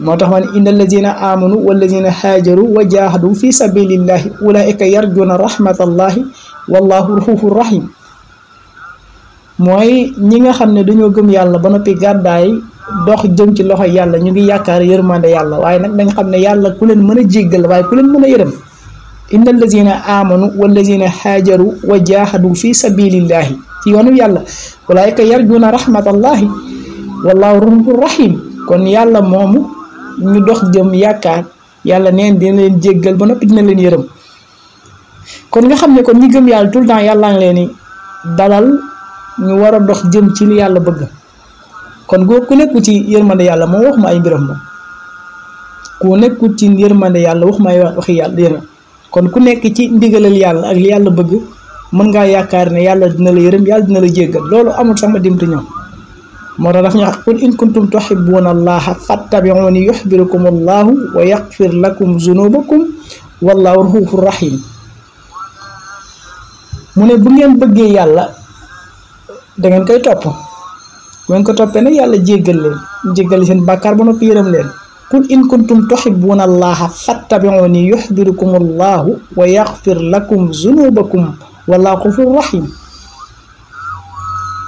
moo tax ma ne inna allazina amanu wallazina haajaru wa jaahadu fi sabilillahi ulaika yarjuna rahmatallahi wallahu rahufu rahim mooy ñi nga xam ne dañoo gëm yàlla ba noppi gàddaay dox jëm ci loxo yàlla ñu ngi yaakaar yërmande yàlla waaye nag dañ xam ne yàlla ku leen mën a jéggal waaye ku leen mën a yërëm inna allazina amanu wallazina haajaru wa jaahadu fi sabilillahi ci yoonu yàlla ulaika yarjuna rahmatallahi wallahu rahufu rahim kon yàlla moomu ñu dox jëm yaakaar yàlla neen dina leen jéggal ba noppi dina leen yërëm kon nga xam ne kon ñi gëm yàlla tout le yàlla nga ngi leen ni dalal ñu war a dox jëm ci li yàlla bëgg kon goo ku nekku ci yërmande yàlla moom ma ay mbiram moom ku nekku ci yërmande yàlla wax ma ay waxi yàlla yéen kon ku nekk ci ndigalal yàlla ak li yàlla bëgg mën ngaa yaakaar ne yàlla dina la yërëm yàlla dina la jéggal loolu amul sama dimti ñoom modax dax ñax kun in kuntum tuhibbunallaha fattabi'uni yuhibbukumullahu wa yaghfir lakum dhunubakum wallahu ghafurur rahim mune bu ngeen bëgge yalla da ngeen koy top bu ngeen ko topé ne yalla jéggal leen jéggal seen bakkar bu nopi yërem leen kun in kuntum tuhibbunallaha fattabi'uni yuhibbukumullahu wa yaghfir lakum dhunubakum wallahu ghafurur rahim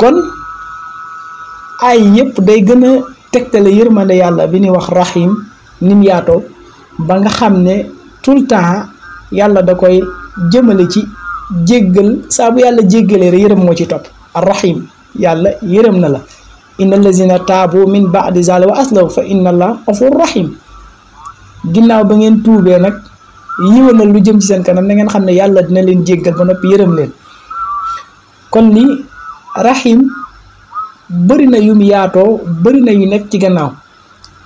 kon ay yëpp day gën a tegtale yërmande yàlla bi ñuy wax rahim nim yaatoo ba nga xam ne tout le temps yàlla da koy jëmale ci jéggal saabu yàlla jéggalee rek yërëm moo ci topp arrahim yàlla yërëm na la inna allazina taabu min baadi zalika wa aslahu fa inna la gafur rahim ginnaaw ba ngeen tuubee nag yiwanal lu jëm ci seen kanam na ngeen xam ne yàlla dina leen jéggal ba noppi yërëm leen kon li rahim bëri na yum yaatoo bëri na yu nekk ci gannaaw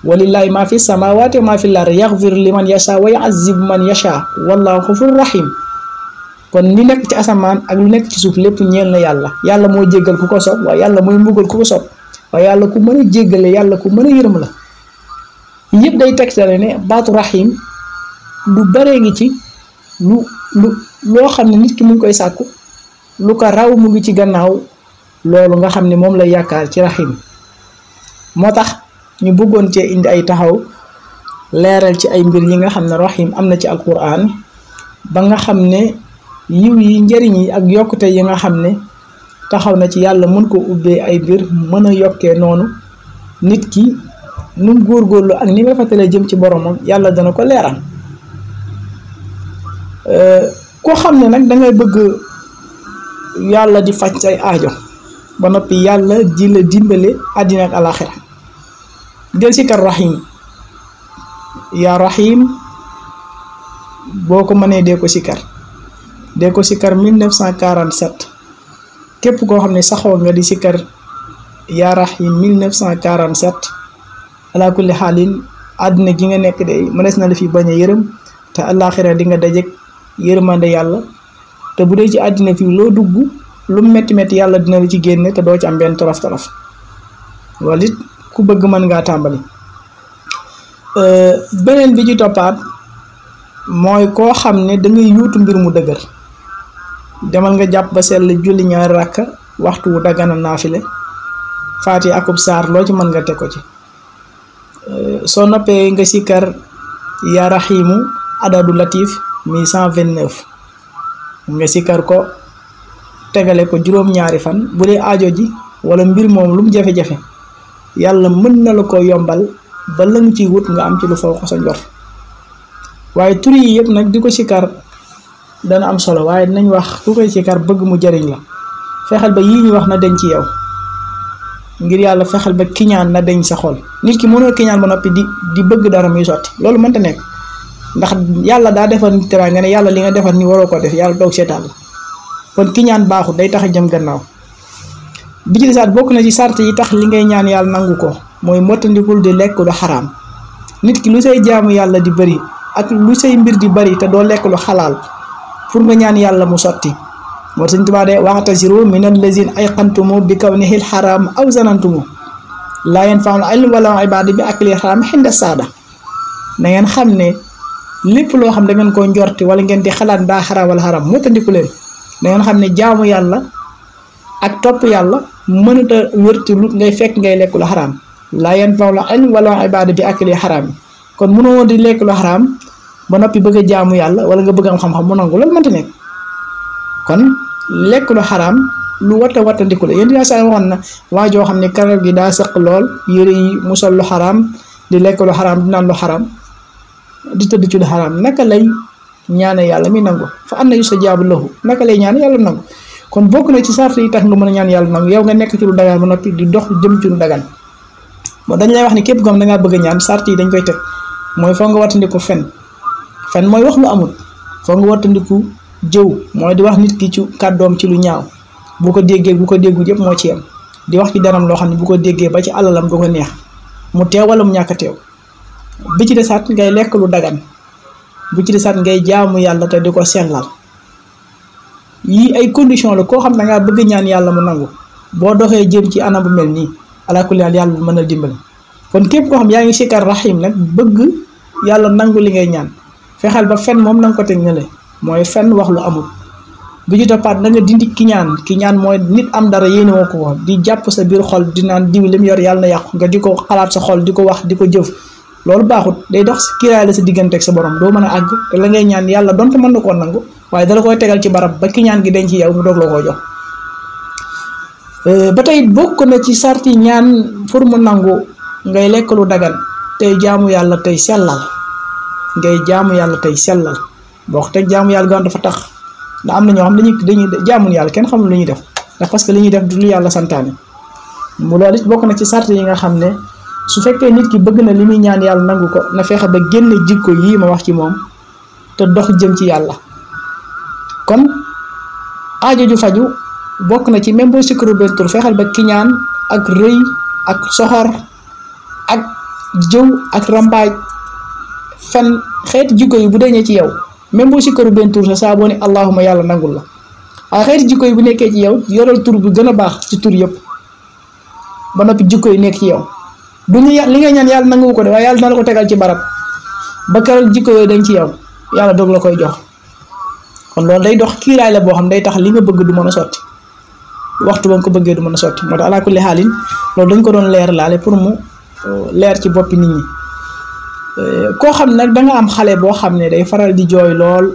walillahi maa fi samawaati maa fi lar yaxfir liman yasha wa yaazib man yasha wallahu xafur rahim kon li nekk ci asamaan ak lu nekk ci suuf lépp ñeel na yàlla yàlla moo jéggal ku ko sob waaye yàlla mooy mbugal ku ko sob waaye yàlla ku mën a jéggale yàlla ku mën a yërëm la yëpp day tegtale ne baatu rahim lu baree ngi ci lu lu loo xam ne nit ki mu ngi koy sàkku lu ko raw mu ngi ci gannaaw loolu nga xam ni moom lay yaakaar ci raxim moo tax ñu bëggoon cee indi ay taxaw leeral ci ay mbir yi nga xam ne raxim am na ci alquran ba nga xam ne yiw yi njëriñ yi ak yokkute yi nga xam ne taxaw na ci yàlla mën ko ubbee ay mbir mën a yokkee noonu nit ki nu góor góorlu ak ni nga fàttalee jëm ci boromam yàlla dana ko leeral euh, koo xam ne nag dangay bëgg yàlla di faj say aajo ba noppi yàlla ji la dimbale àddina ak alaaxira del si kar rahim yaa rahim boo ko mënee dee ko si kar dee ko si kar 1947 képp koo xam ne saxoo nga di si kar yaa rahim 1947 ala kulli xaalin àddina gi nga nekk de mënees na la fi bañ a yërëm alaaxira di nga dajeek yërmande yàlla te bu dee ci àddina fii loo dugg lu métti métti yàlla dina la ci génne te doo ci am benn tolof tolof loolu ku bëgg mën ngaa tàmbali euh, beneen bi ci toppaat mooy koo xam ne dangay ngay yuutu mbir mu dëgër demal nga jàpp ba sell julli ñaar rakk waxtu wu dagana naafile faati akub saar loo ci mën nga teg ko ci euh, soo noppee nga sikkar yaa raxiimu adadu latif mi 129 nga sikkar ko tegale ko juroom ñaari fan bu dee aajo ji wala mbir mom lu mu jafé jafé yalla mën na la ko yombal ba la mu wut nga am ci lu fo ko sa njort waaye sikar dana am solo waye nañ wax ku koy sikar bëgg mu jariñ la fexal ba yi ñu wax na deñ ci yow ngir yalla fexal ba kiñaan na deñ sa xol nit ki mëno kiñaan ba di di bëgg dara muy sotti loolu ta nek ndax yalla da defal nit teraanga ne yalla li nga defal ni waro ko def yalla dog kon ki ñaan baaxut day tax a jëm gannaaw bi ci desaat bokk na ci sart yi tax li ngay ñaan yàlla nangu ko mooy mottandikul di lekk lu xaraam nit ki lu say jaamu yàlla di bëri ak lu say mbir di bari te doo lekk lu xalaal pour nga ñaan yàlla mu sotti moo Sëñ Tuubaa de wa'taziru min ay ayqantumu bi kawnihil xaraam aw zanantumu laa yanfa'ul ilmu wala ibaada bi ak aklil xaraam de saada na ngeen xam ne lépp loo xam da ngeen ko njorti wala ngeen di xalaat daa wala xaraam motandiku leen da ngeen xamne yalla jaamu yalla ak top yalla mënut a wér ci ngay fekk ngay lekk haram la yan fawla an wala ibadati akli haram kon won di lekk lu haram ba nopi bëgg jaamu yalla wala nga bëgg am xam-xam mu nangul mënta nek kon lekk lu haram lu wata watandiku la yeen dina sa waxon na wajo xamne karal gi da sekk lol yere yi musal haram di lek lu haram di nan lu haram di teddu ci lu haram naka lay ñaana yalla mi nangu fa anna yusajabu lahu naka lay ñaan yalla nangu kon bokku na ci sart yi tax nga mëna ñaan yalla nangu yow nga nekk ci lu dagal ba di dox jëm ci lu dagan mo dañ lay wax ni képp gom da nga bëgg ñaan sart yi dañ koy tek moy foo nga watandiku fen fen moy wax lu amul foo nga watandiku jëw moy di wax nit ki ci kaddom ci lu ñaaw bu ko déggé bu ko déggu yëpp mo ci yam di wax ci daram lo xamni bu ko déggé ba ci alalam du ko neex mu téwalam ñaka téw bi ci dessat ngay lekk lu dagan bu ci desaat ngay jaamu yalla te diko senlal yi ay condition la ko xam na nga bëgg ñaan yalla mu nangu bo doxé jëm ci anam bu melni ala kulli yàlla yalla mëna dimbal kon képp ko xam yaangi ngi rahim nak bëgg yalla nangu li ngay ñaan fexal ba fenn mom nang ko tek ne moy fenn wax lu amul bu ci topat na nga dindi ki ñaan ki ñaan moy nit am dara yéene woo di japp sa bir xol di naan diw lim yor yalla na yàqu nga di xalaat sa xol di wax diko jëf lol baxut day dox ci kiraale sa diggante sa borom do meuna ag te la ngay ñaan yalla don ko man ko nangu waaye dala koy tegal ci barab ba ki ñaan gi denc yow mu dog la koo jox euh batay bokku na ci sarti ñaan fur mu nangu ngay lek lu dagan tay jaamu yalla tay selal ngay jaamu yalla tay selal boo ko jaamu yalla gën dafa tax da am na ñoo xam dañuy dañuy jaamu yalla kenn xam lu ñuy def ndax parce que li ñuy def du lu yalla santane mu loolu bokku na ci sarti yi nga xamne ne su fekkee nit ki bëgg na li muy ñaan yàlla nangu ko na fexe ba génn jikko yii ma wax ci moom te dox jëm ci yàlla kon aajo ju faju bokk na ci même boo sikkaru benn tur fexeel ba kiñaan ak rëy ak soxor ak jëw ak rambaaj fen xeeti jikko yi bu deñee ci yow même boo sikkaru benn tur sa saa boo ne allahuma yàlla nangul la waaye xeeti jikko yi bu nekkee ci yow yoral tur bu gën a baax ci tur yëpp ba noppi jikko yi nekk ci yow du ñu li nga ñaan yàlla nanguwu ko de waaye yàlla dina ko tegal ci barab ba keroog jikko yooyu dañ ci yow yàlla doog la koy jox kon loolu day dox kiiraay la boo xam day tax li nga bëgg du mën a sotti waxtu ba nga ko bëggee du mën a sotti moo tax alaa kulli dañ ko doon leer laale pour mu euh, leer ci boppi nit ñi euh, koo xam ne da am xale boo xam ne day faral di jooy lool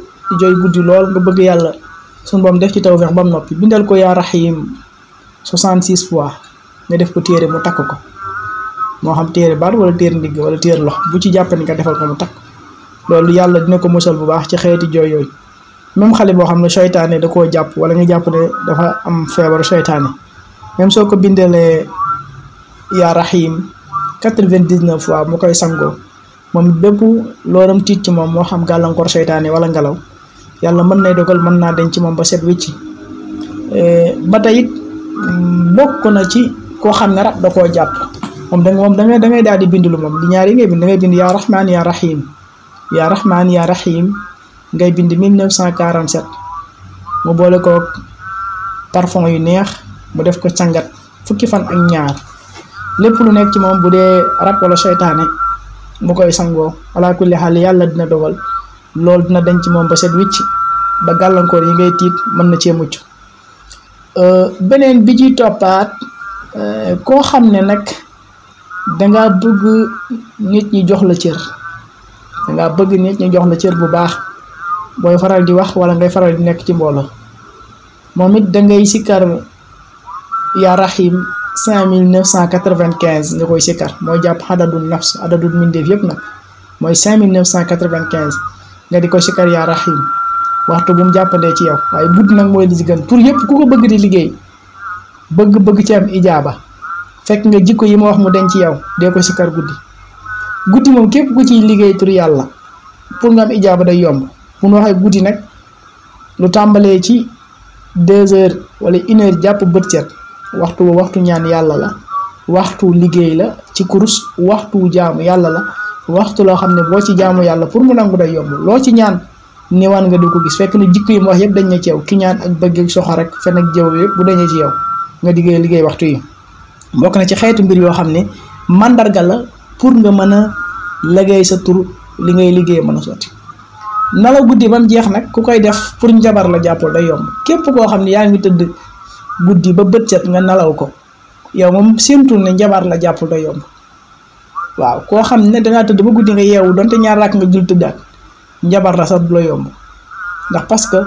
jooy guddi lool nga bëgg yàlla suñu boom def ci taw feex ba mu noppi bindal ko yaa raxiim 66 fois nga def ko téere mu takk ko moo xam téere baat wala téere ndigg wala téere lox bu ci jàpp ni nga defal ko mu takk loolu yàlla dina ko musal bu baax ci xeeti jooy yooyu même xale boo xam ne seytaane da koo jàpp wala nga jàpp ne dafa am feebaru seytaane même soo ko bindalee yaa rahim quatre-vingt-dix-neuf fois mu koy sangoo moom bépp loolam tiit ci moom moo xam gàllankoor seytaane wala ngelaw yàlla mën nay dogal mën naa denc ci moom ba set wicci eh, ba tey it mm, na ci koo xam ne rab da koo jàpp moom da moom da ngay daal di bind lu moom ñaar yi ngay bind da ngay bind yaa rahmaan yaa rahim yaa rahmaan yaa rahim ngay bind mu boole koog parfum yu neex mu def ko cangat fukki fan ak ñaar lépp lu nekk ci moom bu dee rab wala seytaane mu koy sangoo ala kulli xaal yàlla dina dogal loolu dina denc moom ba set wicc ba gàllankoor yi ngay tiit mën na cee mucc euh, beneen bi ci toppaat euh, koo xam ne nag. danga bëgg nit ñi jox la cër danga bëgg nit ñi jox la cër bu baax booy faral di wax wala ngay faral di nekk ci mbooloo moom it dangay sikkar yaa rahim cinq mille neuf cent quatre-vingt-quinze nga koy sikkar mooy jàpp adadul nafs adadul mindeef yëpp nag mooy cinq mille neuf cent quatre-vingt-quinze nga di ko sikkar yaa rahim waxtu bu mu jàppandee ci yow waaye budd nag mooy di ci gën pour yépp ku ko bëgg di liggéey bëgg-bëgg ci am ijaaba fekk nga jikko yi ma wax mu denc ci yow dee ko sikkar guddi guddi moom képp ku ciy liggéey tur yàlla pour nga am ijaaba day yomb bu ñu waxee guddi nag lu tàmbalee ci deux heures wala une heure jàpp bët set waxtu waxtu ñaan yàlla la waxtu liggéey la ci kurus waxtu jaamu yàlla la waxtu loo xam ne boo ci jaamu yàlla pour mu nangu day yomb loo ci ñaan niwaan nga du ko gis fekk na jikko yi ma wax yëpp dañ na ci yow ki ñaan ak bëgg ak soxor ak fen ak yëpp bu dañee ci yow nga liggéey liggéey waxtu yi bokk na ci xeetu mbir yoo xam ne mandarga la pour nga mën a liggéey sa tur li ngay liggéey mën a sotti nalaw guddi bam jeex nag ku koy def pour njabar la jàppal day yomb képp koo xam ne yaa ngi tëdd guddi ba bët set nga nalaw ko yow moom séentul ne njabar la jàppal day yomb waaw koo xam ne dangaa tëdd ba guddi nga yeewu donte ñaar rak nga jul tëddaat njabar la sax la yomb ndax parce que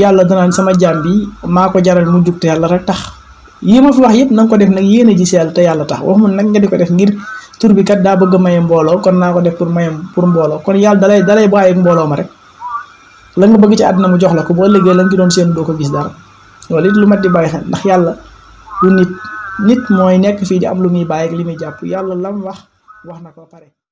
yàlla danaan sama jambi bi maa ko jaral mu jug rek tax yi fi wax yépp nang ko def nag yéene ji si yàlla te yàlla tax waxuma nag nga di def ngir tur bi kat daa bëgg maye mbooloo kon naa ko def pour maye pour mbooloo kon yàlla dalay dalay bàyyi mbooloo ma rek la nga bëgg ci àdduna mu jox la ko boo liggéey la nga ci doon seen ko gis dara loolu it lu mat di bàyyi xel ndax yàlla du nit nit mooy nekk fii di am lu muy bàyyi ak li muy jàpp lam wax wax na pare